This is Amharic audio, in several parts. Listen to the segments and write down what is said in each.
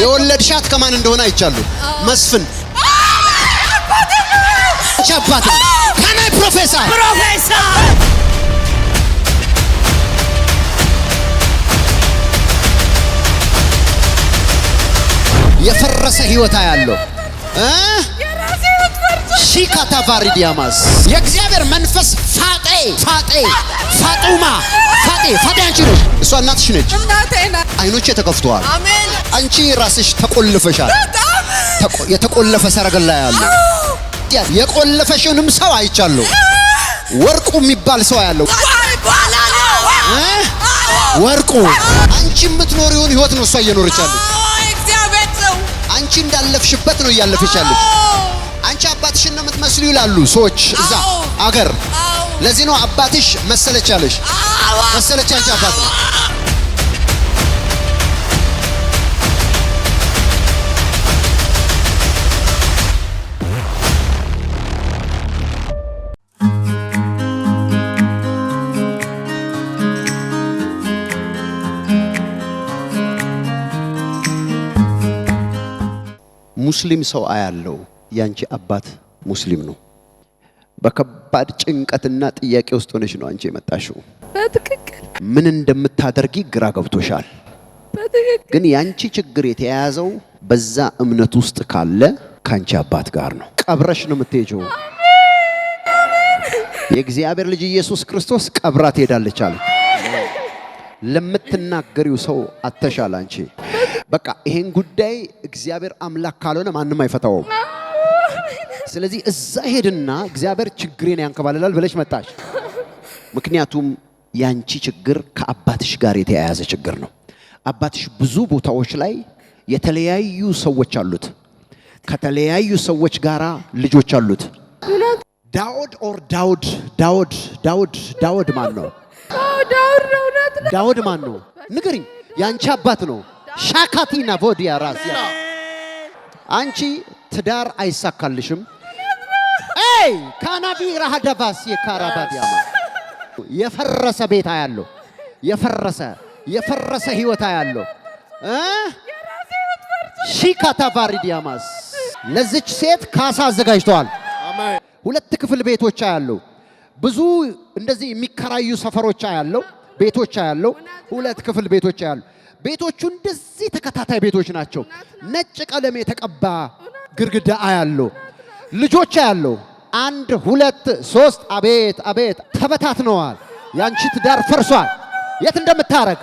የወለድሻት ከማን እንደሆነ አይቻሉ። መስፍን ቻባት ካናይ ፕሮፌሰር ፕሮፌሰር የፈረሰ ህይወት ያለው ሺካታ ቫሪዲያማስ የእግዚአብሔር መንፈስ ፋጤ ፋጤ ፋጡማ ፋጤ ፋጤ አንቺ ነሽ፣ እሷ እናትሽ ነች። አይኖቼ ተከፍተዋል። አንቺ ራስሽ ተቆልፈሻል። የተቆለፈ ሰረገላ ያለው የቆለፈሽንም ሰው አይቻለሁ። ወርቁ የሚባል ሰው ያለው ወርቁ አንቺ የምትኖሪውን ህይወት ነው እሷ እየኖረቻለች። አንቺ እንዳለፍሽበት ነው እያለፈቻለች። አንቺ አባትሽን ነው የምትመስሉ ይላሉ ሰዎች እዛ አገር። ለዚህ ነው አባትሽ መሰለቻለሽ መሰለች አባት ሙስሊም ሰው አያለው። ያንቺ አባት ሙስሊም ነው። በከባድ ጭንቀትና ጥያቄ ውስጥ ሆነሽ ነው አንቺ የመጣሽው። በትክክል ምን እንደምታደርጊ ግራ ገብቶሻል። ግን ያንቺ ችግር የተያያዘው በዛ እምነት ውስጥ ካለ ካንቺ አባት ጋር ነው። ቀብረሽ ነው የምትሄጂው። የእግዚአብሔር ልጅ ኢየሱስ ክርስቶስ ቀብራ ትሄዳለች አለ። ለምትናገሪው ሰው አተሻል አንቺ በቃ ይሄን ጉዳይ እግዚአብሔር አምላክ ካልሆነ ማንም አይፈታውም። ስለዚህ እዛ ሄድና እግዚአብሔር ችግሬን ያንከባልላል ብለሽ መጣሽ። ምክንያቱም ያንቺ ችግር ከአባትሽ ጋር የተያያዘ ችግር ነው። አባትሽ ብዙ ቦታዎች ላይ የተለያዩ ሰዎች አሉት። ከተለያዩ ሰዎች ጋር ልጆች አሉት። ዳውድ ኦር ዳውድ ዳውድ ዳውድ ዳውድ ማን ነው? ዳውድ ማን ነው? ንገሪኝ። ያንቺ አባት ነው ሻካቲና ቮዲያ ራስ አንቺ ትዳር አይሳካልሽም። አይ ካናቢ ራሃዳባስ የካራባዲያ የፈረሰ ቤት ያለው የፈረሰ የፈረሰ ህይወት ያለው እ ሺካታ ቫሪዲያማስ ለዚች ሴት ካሳ አዘጋጅተዋል። ሁለት ክፍል ቤቶች ያለው ብዙ እንደዚህ የሚከራዩ ሰፈሮች ያለው ቤቶች ያለው ሁለት ክፍል ቤቶች ያለው ቤቶቹ እንደዚህ ተከታታይ ቤቶች ናቸው። ነጭ ቀለም የተቀባ ግድግዳ አያለው፣ ልጆች አያለው። አንድ ሁለት ሶስት፣ አቤት አቤት! ተበታትነዋል። ያንቺ ትዳር ፈርሷል። የት እንደምታረግ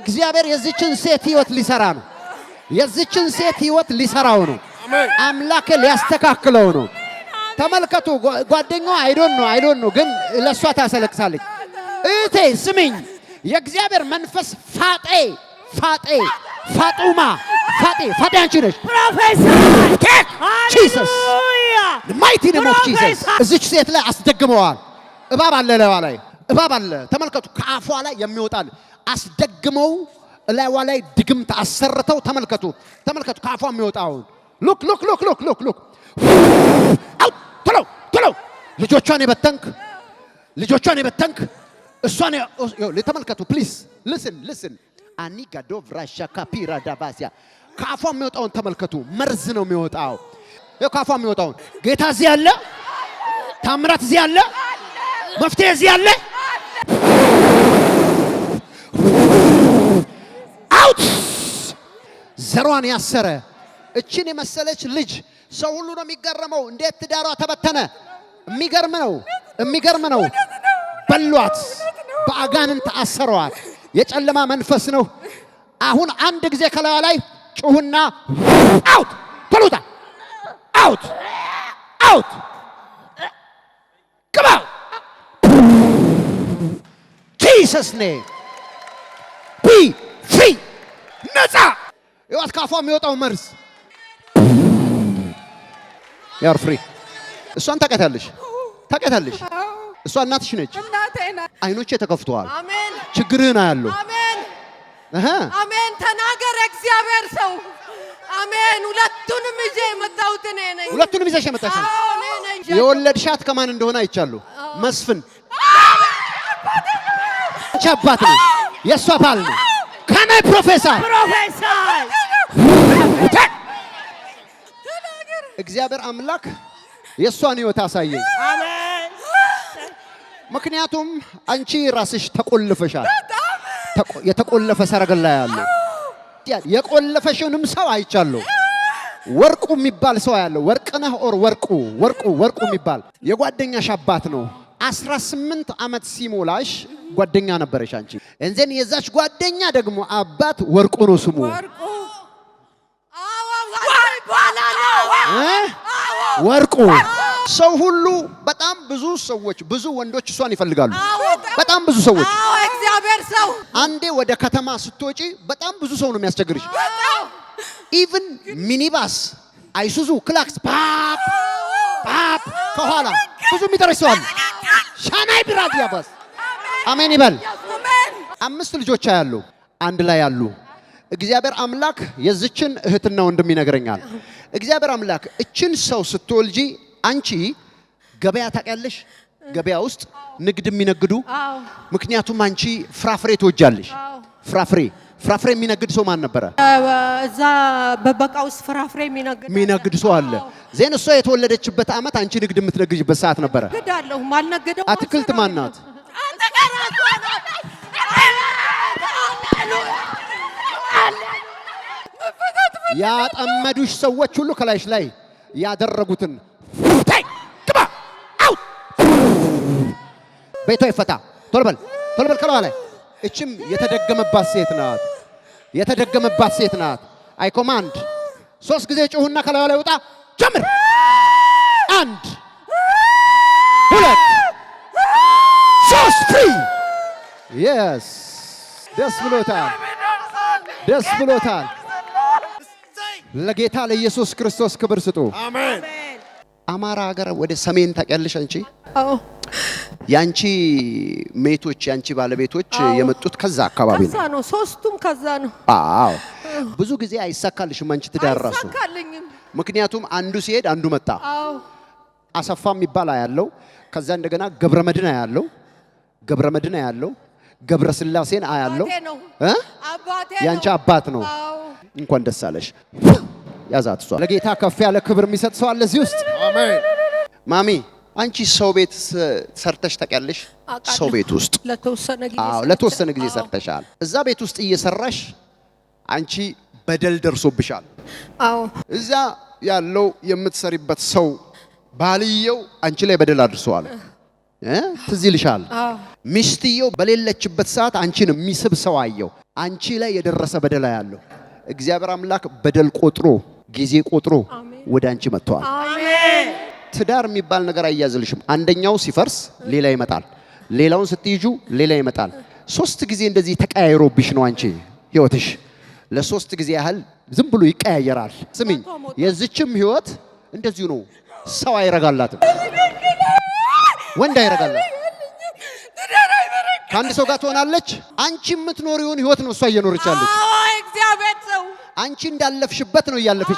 እግዚአብሔር የዚችን ሴት ህይወት ሊሰራ ነው። የዚችን ሴት ህይወት ሊሰራው ነው። አምላክ ሊያስተካክለው ነው። ተመልከቱ። ጓደኛዋ አይዶን ነው አይዶን ነው፣ ግን ለእሷ ታሰለቅሳለች። እህቴ ስሚኝ፣ የእግዚአብሔር መንፈስ ፋጤ ፋጤ ፋጡማ ፋጤ ፋጤ አንቺ ነሽ። ጂሰስ ማይቲ ኔም ኦፍ ጂሰስ። እዚች ሴት ላይ አስደግመዋል። እባብ አለ፣ ላይዋ ላይ እባብ አለ። ተመልከቱ፣ ከአፏ ላይ የሚወጣል አስደግመው ላይዋ ላይ ድግምት አሰርተው ተመልከቱ፣ ተመልከቱ ከአፏ የሚወጣውን ሉክ ሉክ ሉክ ሉክ ሉክ ሉክ ቶሎ ቶሎ ልጆቿን የበተንክ ልጆቿን የበተንክ እሷን ተመልከቱ። ፕሊዝ ልስን ልስን አኒጋ ዶቭራሻ ካፒራ ዳባሲያ ከአፏ የሚወጣውን ተመልከቱ። መርዝ ነው የሚወጣው። ከአፏ የሚወጣውን ጌታ እዚህ አለ፣ ታምራት እዚህ አለ፣ መፍትሄ እዚህ አለ። አውት ዘሯን ያሰረ እችን የመሰለች ልጅ ሰው ሁሉ ነው የሚገረመው። እንዴት ትዳሯ ተበተነ? የሚገርም ነው፣ የሚገርም ነው። በሏት፣ በአጋንንት አሰረዋት። የጨለማ መንፈስ ነው። አሁን አንድ ጊዜ ከላዩ ላይ ጩሁና አውት ተሉታ አውት አውት ግባ ጂሰስ ኔ ቢ ፍሪ ነፃ ይዋት ካፏ የሚወጣው መርዝ ያር ፍሪ እሷን ታውቂያታለሽ ታውቂያታለሽ እሷ እናትሽ ነች። አይኖቼ ተከፍተዋል። ችግርህን አያለሁ። አሜን አሜን። ተናገር፣ እግዚአብሔር ሰው አሜን። ሁለቱንም ይዤ የመጣሁት እኔ ነኝ። ሁለቱንም ይዘሽ የመጣሽ የወለድሻት ከማን እንደሆነ አይቻለሁ። መስፍን አንቺ አባት ነው፣ የእሷ ባል ነው። ከናይ ፕሮፌሰር ፕሮፌሰር እግዚአብሔር አምላክ የእሷን ህይወት አሳየኝ። አሜን ምክንያቱም አንቺ ራስሽ ተቆልፈሻል። የተቆለፈ ሰረገላ ያለ የቆለፈሽንም ሰው አይቻለሁ። ወርቁ የሚባል ሰው ያለው ወርቅነህ ኦር ወርቁ ወርቁ ወርቁ የሚባል የጓደኛሽ አባት ነው። 18 ዓመት ሲሞላሽ ጓደኛ ነበረሽ አንቺ። እንዘን የዛች ጓደኛ ደግሞ አባት ወርቁ ነው ስሙ። ወርቁ ሰው ሁሉ በጣም ብዙ ሰዎች ብዙ ወንዶች እሷን ይፈልጋሉ። በጣም ብዙ ሰዎች። እግዚአብሔር ሰው አንዴ ወደ ከተማ ስትወጪ በጣም ብዙ ሰው ነው የሚያስቸግርሽ። ኢቭን ሚኒባስ፣ አይሱዙ፣ ክላክስ ፓፕ ፓፕ ከኋላ ብዙ የሚጠረሽ ሰው አሉ። ሻናይ ብራት ያባስ አሜን ይበል። አምስት ልጆች ያሉ አንድ ላይ ያሉ እግዚአብሔር አምላክ የዝችን እህትና ወንድም ይነግረኛል። እግዚአብሔር አምላክ እችን ሰው ስትወልጂ አንቺ ገበያ ታውቂያለሽ? ገበያ ውስጥ ንግድ የሚነግዱ ምክንያቱም አንቺ ፍራፍሬ ትወጃለሽ። ፍራፍሬ ፍራፍሬ የሚነግድ ሰው ማን ነበረ? እዛ በበቃ ውስጥ ፍራፍሬ የሚነግድ የሚነግድ ሰው አለ። ዜን እሷ የተወለደችበት ዓመት አንቺ ንግድ የምትነግጅበት ሰዓት ነበረ። ግዳለሁ ማልነግደው አትክልት ማን ናት? ያጠመዱሽ ሰዎች ሁሉ ከላይሽ ላይ ያደረጉትን ቤቷ ይፈታ። ቶሎ በል ቶሎ በል ከለዋ ላይ እችም የተደገመባት ሴት ናት። የተደገመባት ሴት ናት። አይ ኮማንድ ሶስት ጊዜ ጩሁና ከለዋ ላይ ውጣ። ጀምር። አንድ ሁለት ሶስት ፍሪ የስ ደስ ብሎታል። ደስ ብሎታል። ለጌታ ለኢየሱስ ክርስቶስ ክብር ስጡ። አማራ ሀገር ወደ ሰሜን ታውቂያለሽ አንቺ? አዎ ያንቺ ሜቶች ያንቺ ባለቤቶች የመጡት ከዛ አካባቢ ነው። ከዛ ነው ሶስቱም ከዛ ነው። አዎ ብዙ ጊዜ አይሳካልሽም አንቺ ትዳራሱ አይሳካልኝም። ምክንያቱም አንዱ ሲሄድ አንዱ መጣ። አሰፋ የሚባል ያለው ከዛ እንደገና ገብረ መድና ያለው ገብረ መድና ያለው ገብረ ስላሴን አያለው እ ያንቺ አባት ነው። እንኳን ደስ አለሽ። ያዛት እሷ ለጌታ ከፍ ያለ ክብር የሚሰጥ ሰው አለ እዚህ ውስጥ ማሚ አንቺ ሰው ቤት ሰርተሽ ታውቂያለሽ? ሰው ቤት ውስጥ ለተወሰነ ጊዜ ሰርተሻል። እዛ ቤት ውስጥ እየሰራሽ አንቺ በደል ደርሶብሻል። አዎ፣ እዛ ያለው የምትሰሪበት ሰው ባልየው አንቺ ላይ በደል አድርሰዋል። ትዝ ይልሻል? ሚስትየው በሌለችበት ሰዓት አንቺን የሚስብ ሰው አየው። አንቺ ላይ የደረሰ በደል ያለው እግዚአብሔር አምላክ በደል ቆጥሮ ጊዜ ቆጥሮ ወደ አንቺ መጥተዋል። ትዳር የሚባል ነገር አያዝልሽም። አንደኛው ሲፈርስ ሌላ ይመጣል፣ ሌላውን ስትይዙ ሌላ ይመጣል። ሶስት ጊዜ እንደዚህ ተቀያይሮብሽ ነው አንቺ ህይወትሽ ለሶስት ጊዜ ያህል ዝም ብሎ ይቀያየራል። ስሚኝ፣ የዚችም ህይወት እንደዚሁ ነው። ሰው አይረጋላትም፣ ወንድ አይረጋላት። ከአንድ ሰው ጋር ትሆናለች። አንቺ የምትኖሪውን ህይወት ነው እሷ እየኖርቻለች። አንቺ እንዳለፍሽበት ነው ያለች።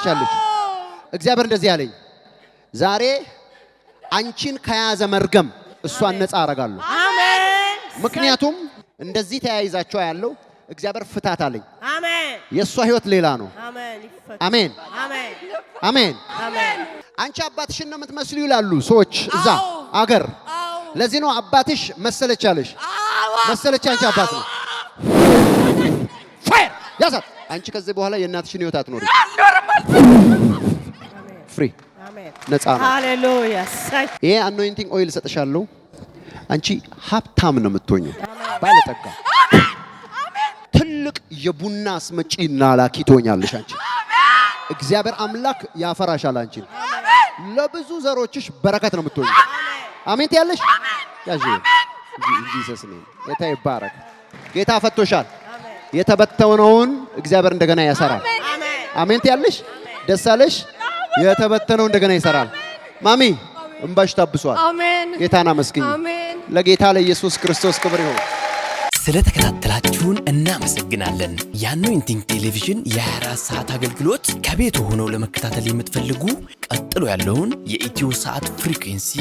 እግዚአብሔር እንደዚህ ያለኝ ዛሬ አንቺን ከያዘ መርገም እሷን ነፃ አረጋለሁ። ምክንያቱም እንደዚህ ተያይዛቸው ያለው እግዚአብሔር ፍታት አለኝ። የእሷ ህይወት ሌላ ነው። አሜን አሜን። አንቺ አባትሽን ነው የምትመስሉ ይላሉ ሰዎች እዛ አገር። ለዚህ ነው አባትሽ መሰለች አለሽ መሰለች። አንቺ አባት ነው ፋየር ያዛት። አንቺ ከዚህ በኋላ የእናትሽን ህይወት አትኖሪ ፍሪ ነፃ ነው። ሃሌሉያ። ይሄ አኖይንቲንግ ኦይል እሰጥሻለሁ። አንቺ ሀብታም ነው የምትሆኚው፣ ባለጠጋ ትልቅ የቡና አስመጪና ላኪ ትሆኛለሽ። አንቺ እግዚአብሔር አምላክ ያፈራሻል። አንቺ ለብዙ ዘሮችሽ በረከት ነው የምትሆኚው። አሜን ትያለሽ። ያዥ ጂሰስ ጌታ ይባረክ። ጌታ ፈቶሻል። የተበተነውን እግዚአብሔር እንደገና ያሰራል። አሜን ትያለሽ። ደስ አለሽ። የተበተነው እንደገና ይሰራል። ማሚ እንባሽ ታብሷል። አሜን። ጌታን አመስግኝ። ለጌታ ለኢየሱስ ክርስቶስ ክብር ይሁን። ስለተከታተላችሁን እናመሰግናለን። የአኖይንቲንግ ቴሌቪዥን የ24 ሰዓት አገልግሎት ከቤት ሆነው ለመከታተል የምትፈልጉ ቀጥሎ ያለውን የኢትዮ ሰዓት ፍሪኩንሲ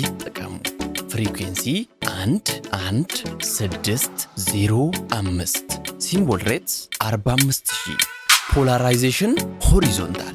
ይጠቀሙ። ፍሪኩንሲ 1 1 6 0 5 ሲምቦል ሬትስ 45000 ፖላራይዜሽን ሆሪዞንታል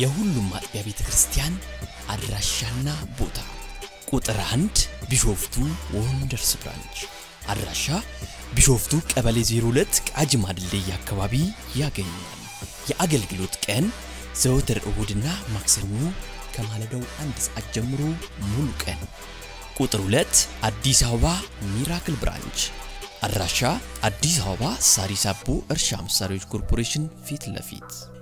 የሁሉም ማጥቢያ ቤተ ክርስቲያን አድራሻና ቦታ ቁጥር አንድ ቢሾፍቱ ወንደርስ ብራንች አድራሻ ቢሾፍቱ ቀበሌ 02 ቃጂማ ድልድይ አካባቢ ያገኛል። የአገልግሎት ቀን ዘወትር እሁድና ማክሰኞ ከማለዳው አንድ ሰዓት ጀምሮ ሙሉ ቀን። ቁጥር 2 አዲስ አበባ ሚራክል ብራንች አድራሻ አዲስ አበባ ሳሪስ አቦ እርሻ መሳሪያዎች ኮርፖሬሽን ፊት ለፊት